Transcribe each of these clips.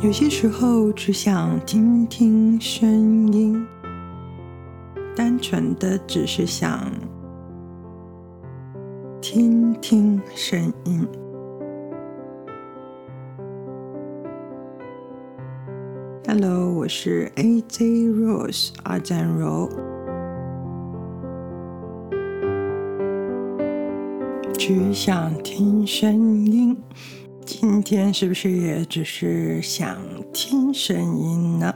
有些時候只想聽聽聲音，單純的只是想聽聽聲音。Hello，我是 AJ Rose 阿贊柔，只想聽聲音。今天是不是也只是想聽聲音呢？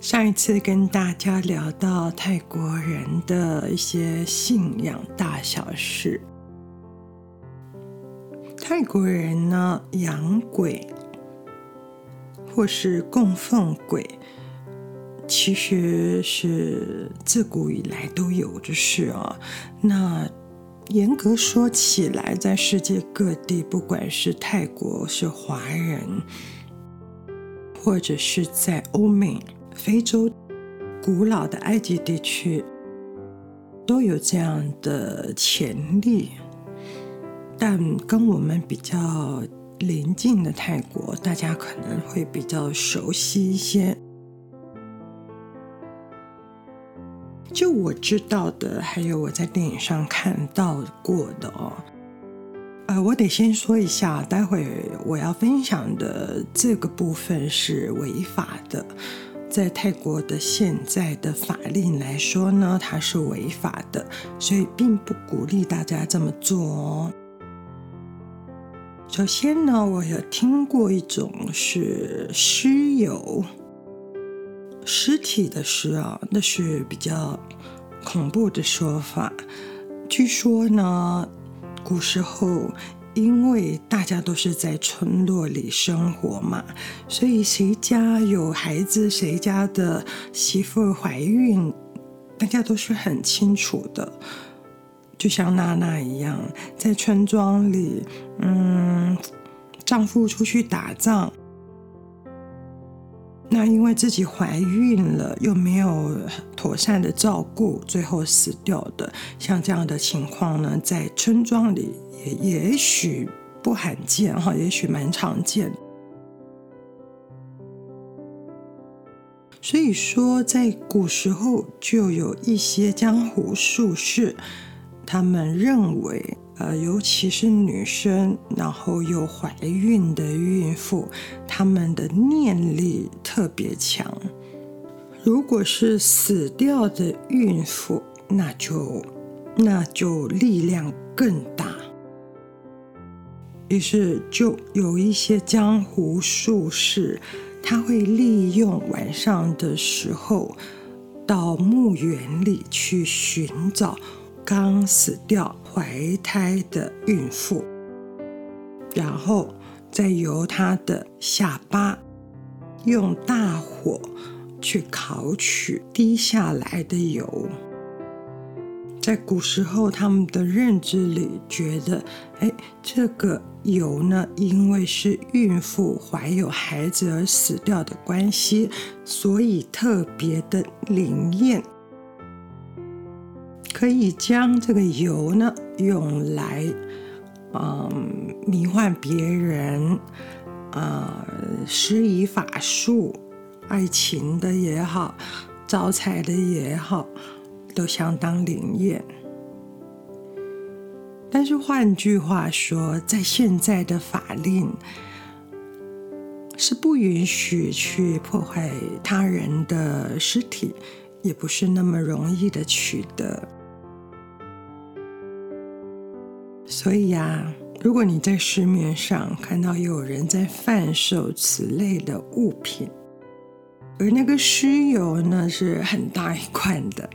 上一次跟大家聊到泰國人的一些信仰大小事，泰國人呢，養鬼或是供奉鬼，其實是自古以來都有的事哦。那嚴格說起來，在世界各地，不管是泰國是華人，或者是在歐美、非洲、古老的埃及地區，都有這樣的潛力。但跟我們比較鄰近的泰國，大家可能會比較熟悉一些。就我知道的，還有我在電影上看到過的哦。呃，我得先說一下，待會我要分享的這個部分是違法的，在泰國的現在的法令來說呢，它是違法的，所以並不鼓勵大家這麼做哦。首先呢，我有聽過一種是屍油。屍體的屍啊，那是比較恐怖的說法。據說呢，古時候，因為大家都是在村落裡生活嘛，所以誰家有孩子，誰家的媳婦懷孕，大家都是很清楚的。就像娜娜一樣，在村莊裡，嗯，丈夫出去打仗。那因為自己懷孕了，又沒有妥善的照顧，最後死掉的，像這樣的情況呢，在村莊裡也也許不罕見哈，也許蠻常見。所以說，在古時候就有一些江湖術士，他們認為。呃，尤其是女生，然後又懷孕的孕婦，她們的念力特別強。如果是死掉的孕婦，那就那就力量更大。於是，就有一些江湖術士，他會利用晚上的時候，到墓園裡去尋找。剛死掉懷胎的孕婦，然後再由她的下巴用大火去烤取滴下來的油。在古時候，他們的認知裡覺得，哎，這個油呢，因為是孕婦懷有孩子而死掉的關係，所以特別的靈驗。可以將這個油呢用來，嗯、呃，迷幻別人，啊、呃，施以法術，愛情的也好，招財的也好，都相當靈驗。但是換句話說，在現在的法令是不允許去破壞他人的屍體，也不是那麼容易的取得。所以呀、啊，如果你在市面上看到有人在販售此類的物品，而那個屍油呢，是很大一罐的，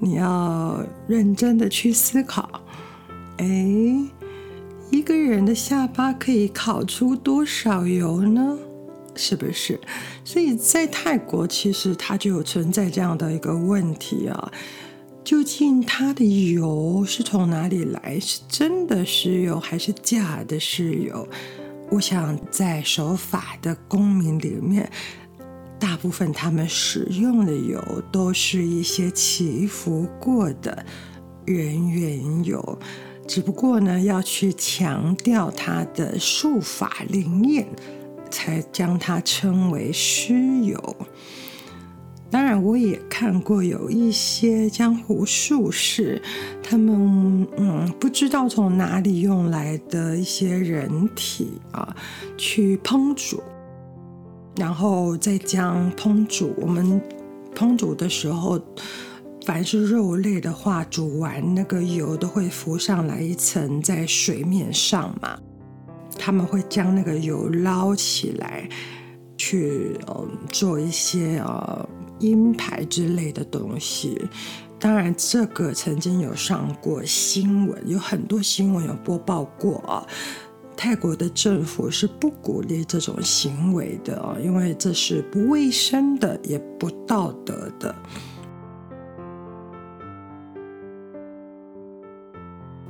你要認真的去思考：哎，一個人的下巴可以烤出多少油呢？是不是？所以在泰國，其實它就有存在這樣的一個問題啊。究竟它的油是從哪裡來？是真的屍油還是假的屍油？我想，在守法的公民裡面，大部分他們使用的油都是一些祈福過的人緣油，只不過呢，要去強調它的術法靈驗，才將它稱為屍油。當然，我也看過有一些江湖術士，他們嗯不知道從哪裡用來的一些人體啊，去烹煮，然後再將烹煮我們烹煮的時候，凡是肉類的話，煮完那個油都會浮上來一層在水面上嘛，他們會將那個油撈起來，去嗯做一些呃。嗯陰牌之類的東西，當然這個曾經有上過新聞，有很多新聞有播報過。泰國的政府是不鼓勵這種行為的，因為這是不衛生的，也不道德的。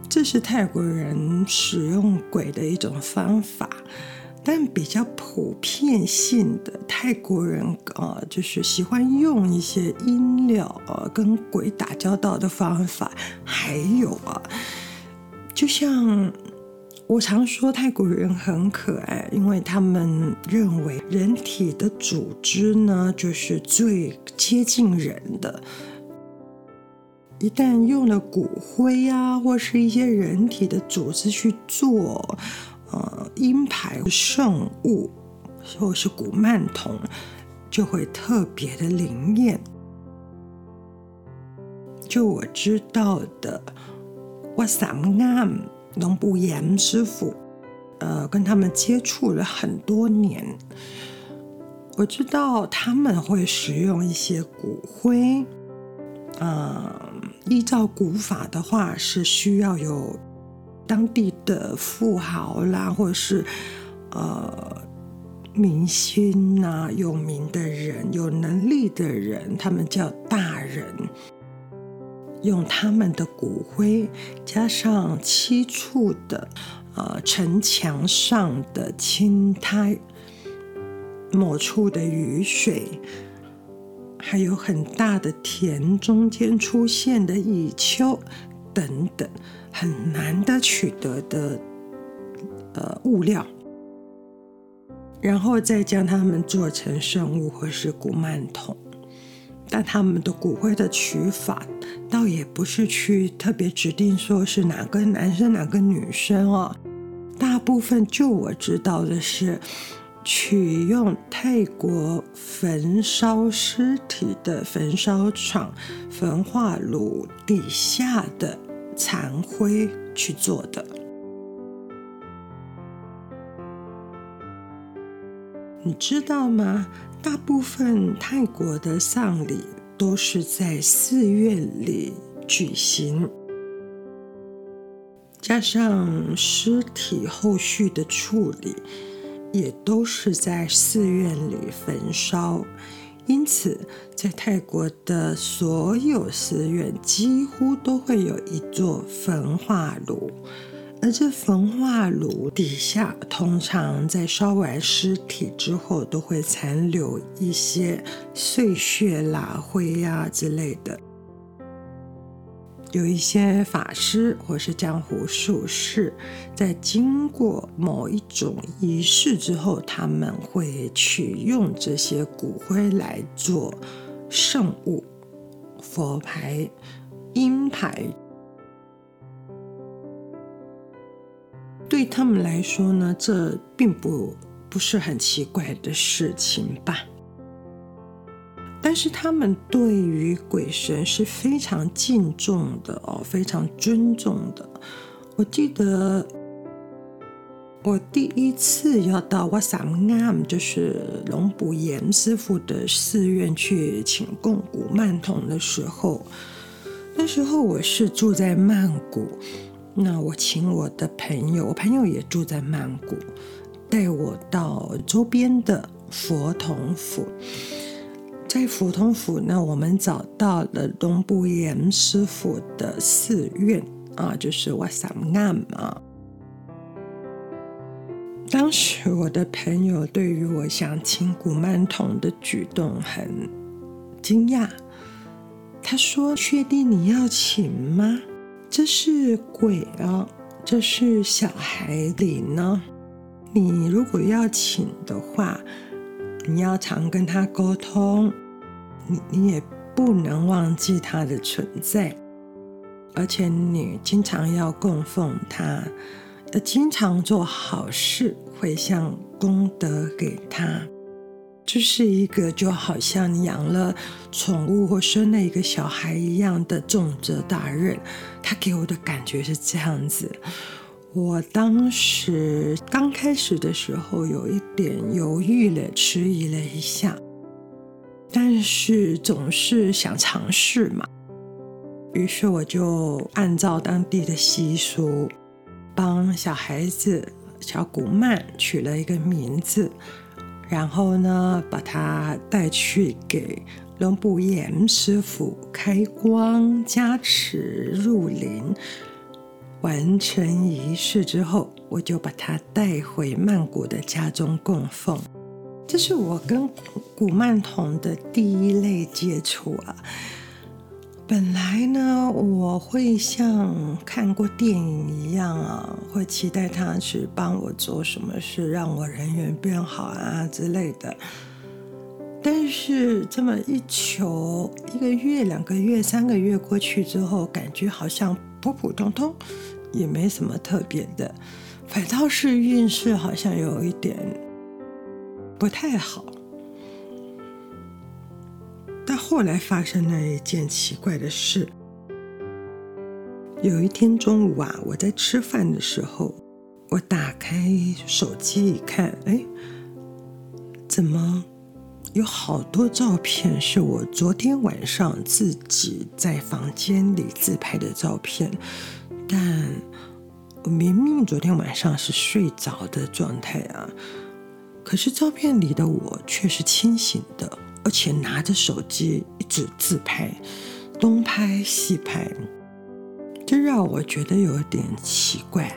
這是泰國人使用鬼的一種方法。但比較普遍性的泰國人啊、呃，就是喜歡用一些陰料啊，跟鬼打交道的方法。還有啊，就像我常說，泰國人很可愛，因為他們認為人體的組織呢，就是最接近人的。一旦用了骨灰啊，或是一些人體的組織去做。陰牌聖物，或是古曼童，就會特別的靈驗。就我知道的，瓦薩姆龍布岩師傅，呃，跟他們接觸了很多年，我知道他們會使用一些骨灰。嗯、呃，依照古法的話，是需要有。當地的富豪啦，或者是呃明星吶、啊，有名的人、有能力的人，他們叫大人，用他們的骨灰加上七處的呃城牆上的青苔、某處的雨水，還有很大的田中間出現的蟻丘，等等很難得取得的呃物料，然後再將它們做成聖物或是古曼童，但他們的骨灰的取法倒也不是去特別指定說是哪個男生、哪個女生哦，大部分就我知道的是取用泰國焚燒屍體的焚燒廠焚化爐底下的。殘灰去做的，你知道嗎？大部分泰國的喪禮都是在寺院裡舉行，加上屍體後續的處理，也都是在寺院裡焚燒。因此，在泰國的所有寺院幾乎都會有一座焚化爐，而這焚化爐底下，通常在燒完屍體之後，都會殘留一些碎屑啦、灰呀、啊、之類的。有一些法師或是江湖術士，在經過某一種儀式之後，他們會去用這些骨灰來做聖物、佛牌、陰牌。對他們來說呢，這並不不是很奇怪的事情吧。但是他們對於鬼神是非常敬重的哦，非常尊重的。我記得我第一次要到瓦薩姆 s 就是龍布岩師傅的寺院去請供古曼童的時候，那時候我是住在曼谷，那我請我的朋友，我朋友也住在曼谷，帶我到周邊的佛童府。在佛統府呢，我們找到了東部岩師傅的寺院啊，就是 Wat Saman 啊。當時我的朋友對於我想請古曼童的舉動很驚訝，他說：“確定你要請嗎？這是鬼啊、哦，這是小孩裡呢。你如果要請的話。”你要常跟他溝通，你你也不能忘記他的存在，而且你經常要供奉他，要經常做好事，迴向功德給他。這就是一個就好像你養了寵物或生了一個小孩一樣的重責大任。他給我的感覺是這樣子。我當時剛開始的時候有一點猶豫了，遲疑了一下，但是總是想嘗試嘛，於是我就按照當地的習俗，幫小孩子小古曼取了一個名字，然後呢，把他帶去給龍布岩師傅開光加持入靈。完成儀式之後，我就把它帶回曼谷的家中供奉。這是我跟古曼童的第一類接觸啊。本來呢，我會像看過電影一樣啊，會期待他去幫我做什麼事，讓我人緣變好啊之類的。但是這麼一求，一個月、兩個月、三個月過去之後，感覺好像。普普通通，也沒什麼特別的，反倒是運勢好像有一點不太好。但後來發生了一件奇怪的事，有一天中午啊，我在吃飯的時候，我打開手機一看，哎、欸，怎麼？有好多照片是我昨天晚上自己在房間裡自拍的照片，但我明明昨天晚上是睡着的狀態啊，可是照片裡的我卻是清醒的，而且拿着手機一直自拍，東拍西拍，這讓我覺得有點奇怪，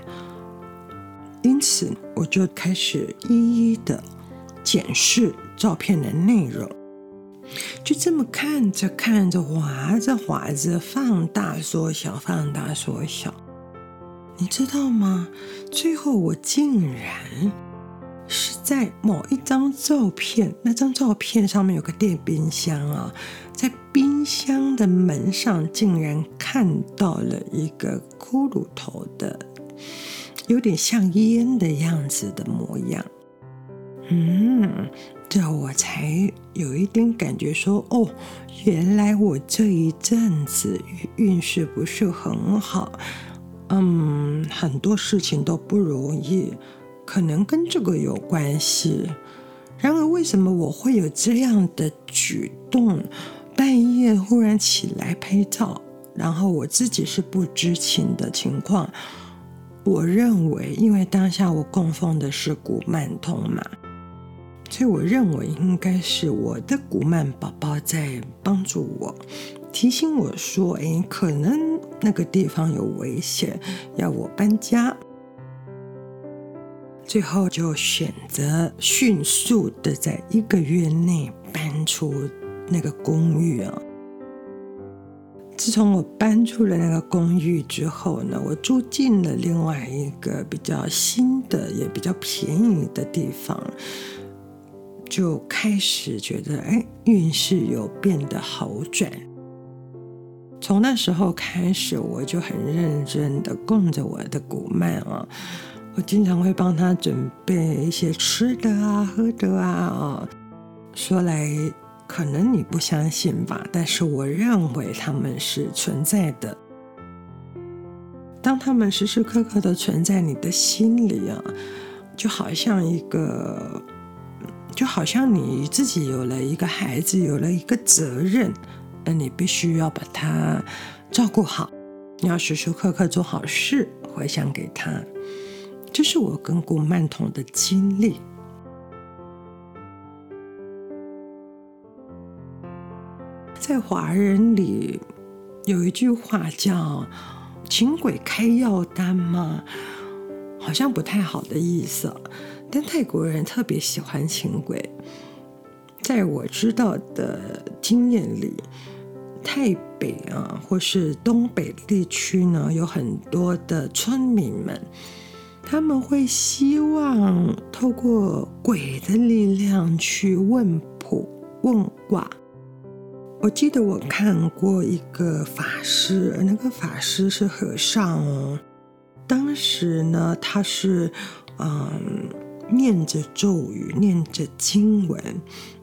因此我就開始一一的檢視。照片的內容，就這麼看着看着，滑着滑着，放大縮小，放大縮小，你知道嗎？最後我竟然是在某一張照片，那張照片上面有個電冰箱啊，在冰箱的門上竟然看到了一個骷髏頭的，有點像煙的樣子的模樣，嗯。這我才有一點感覺說，說哦，原來我這一陣子運勢不是很好，嗯，很多事情都不如意，可能跟這個有關係。然而，為什麼我會有這樣的舉動？半夜忽然起來拍照，然後我自己是不知情的情況。我認為，因為當下我供奉的是古曼童嘛。所以我認為應該是我的古曼寶寶在幫助我，提醒我說：“誒、欸，可能那個地方有危險，要我搬家。”最後就選擇迅速的在一個月內搬出那個公寓啊、哦。自從我搬出了那個公寓之後呢，我住進了另外一個比較新的、也比較便宜的地方。就開始覺得，哎、欸，運勢有變得好轉。從那時候開始，我就很認真的供着我的古曼啊。我經常會幫他準備一些吃的啊、喝的啊。啊，說來可能你不相信吧，但是我認為他們是存在的。當他們時時刻刻的存在你的心裡啊，就好像一個。就好像你自己有了一個孩子，有了一個責任，那你必須要把他照顧好，你要時時刻刻做好事，回向給他。這是我跟古曼童的經歷。在華人裡有一句話叫“請鬼開藥單”嘛，好像不太好的意思。但泰國人特別喜歡請鬼，在我知道的經驗裡，泰北啊，或是東北地區呢，有很多的村民們，他們會希望透過鬼的力量去問卜問卦。我記得我看過一個法師，那個法師是和尚哦，當時呢，他是嗯。念着咒語，念着經文，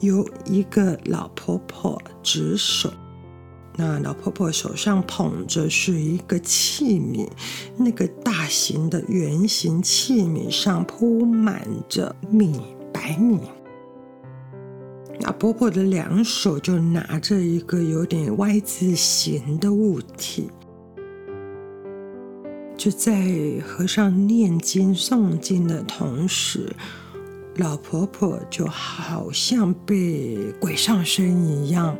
由一個老婆婆值守。那老婆婆手上捧着是一個器皿，那個大型的圓形器皿上鋪滿着米，白米。那婆婆的兩手就拿着一個有點 Y 字形的物體。就在和尚念經誦經的同時，老婆婆就好像被鬼上身一樣，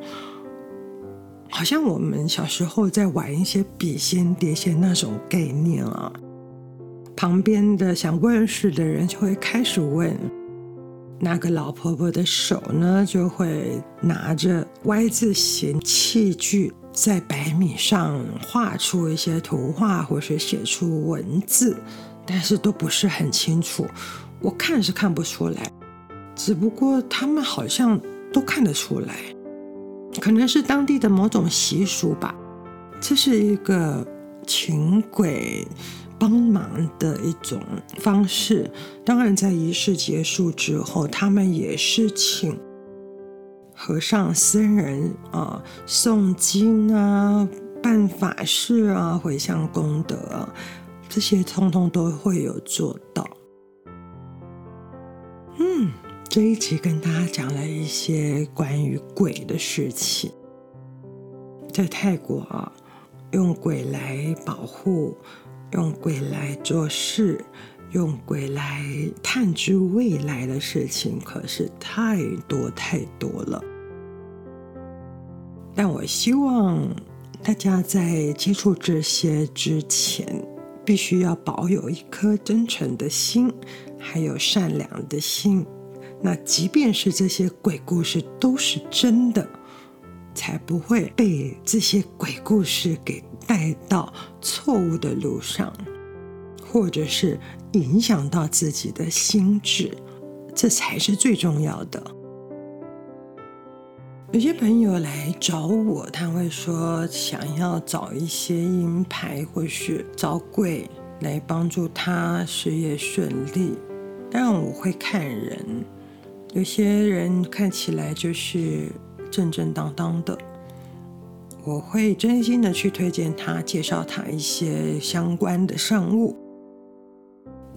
好像我們小時候在玩一些筆仙、碟仙那種概念啊。旁邊的想問事的人就會開始問，那個老婆婆的手呢就會拿着 Y 字形器具。在白米上畫出一些圖畫，或是寫出文字，但是都不是很清楚。我看是看不出來，只不過他們好像都看得出來，可能是當地的某種習俗吧。這是一個請鬼幫忙的一種方式。當然，在儀式結束之後，他們也是請。和尚、僧人啊，誦經啊，辦法事啊，回向功德啊，這些通通都會有做到。嗯，這一集跟大家講了一些關於鬼的事情，在泰國啊，用鬼來保護，用鬼來做事。用鬼來探知未來的事情，可是太多太多了。但我希望大家在接觸這些之前，必須要保有一顆真誠的心，還有善良的心。那即便是這些鬼故事都是真的，才不會被這些鬼故事給帶到錯誤的路上，或者是。影響到自己的心智，這才是最重要的。有些朋友來找我，他會說想要找一些陰牌或是招鬼來幫助他事業順利。但我會看人，有些人看起來就是正正當當的，我會真心的去推薦他，介紹他一些相關的聖物。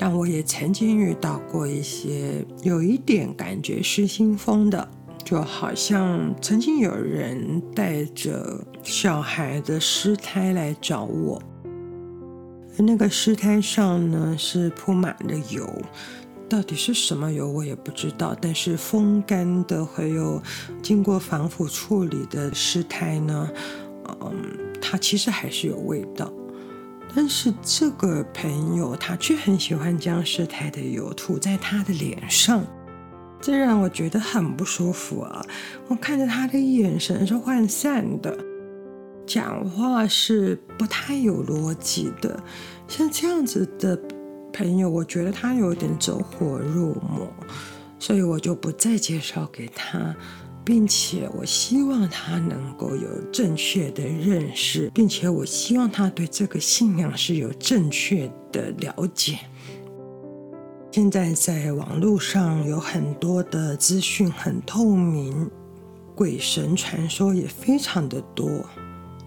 但我也曾經遇到過一些有一點感覺失心瘋的，就好像曾經有人帶着小孩的屍胎來找我，那個屍胎上呢，是鋪滿了油，到底是什麼油我也不知道。但是風乾的還有經過防腐處理的屍胎呢，嗯，它其實還是有味道。但是這個朋友他卻很喜歡殭屍胎的油塗在他的臉上，這讓我覺得很不舒服啊！我看着他的眼神是渙散的，講話是不太有邏輯的，像這樣子的朋友，我覺得他有點走火入魔，所以我就不再介紹給他。並且我希望他能夠有正確的認識，並且我希望他對這個信仰是有正確的了解。現在在網絡上有很多的資訊很透明，鬼神傳說也非常的多，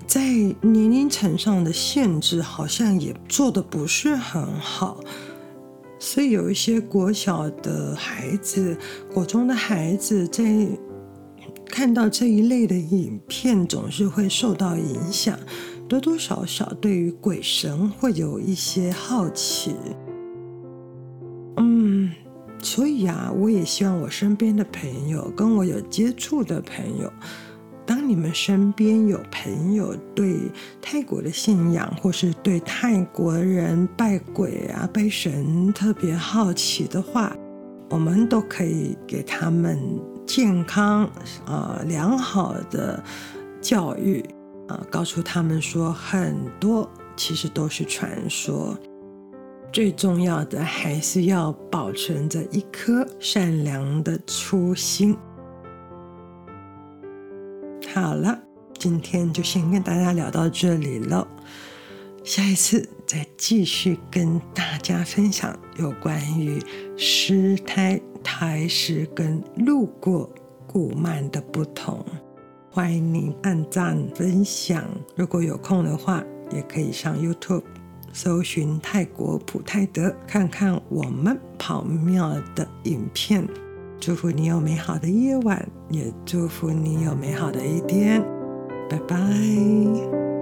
在年齡層上的限制好像也做得不是很好，所以有一些國小的孩子、國中的孩子在。看到這一類的影片，總是會受到影響，多多少少對於鬼神會有一些好奇。嗯，所以啊，我也希望我身邊的朋友，跟我有接觸的朋友，當你們身邊有朋友對泰國的信仰，或是對泰國人拜鬼啊、拜神特別好奇的話，我們都可以給他們。健康，啊、呃，良好的教育，啊、呃，告訴他們說很多其實都是傳說，最重要的還是要保存着一顆善良的初心。好了，今天就先跟大家聊到這裡了，下一次再繼續跟大家分享有關於屍胎。台式跟路過古曼的不同，歡迎您按讚分享。如果有空的話，也可以上 YouTube 搜尋泰國普泰德，看看我們跑廟的影片。祝福你有美好的夜晚，也祝福你有美好的一天。拜拜。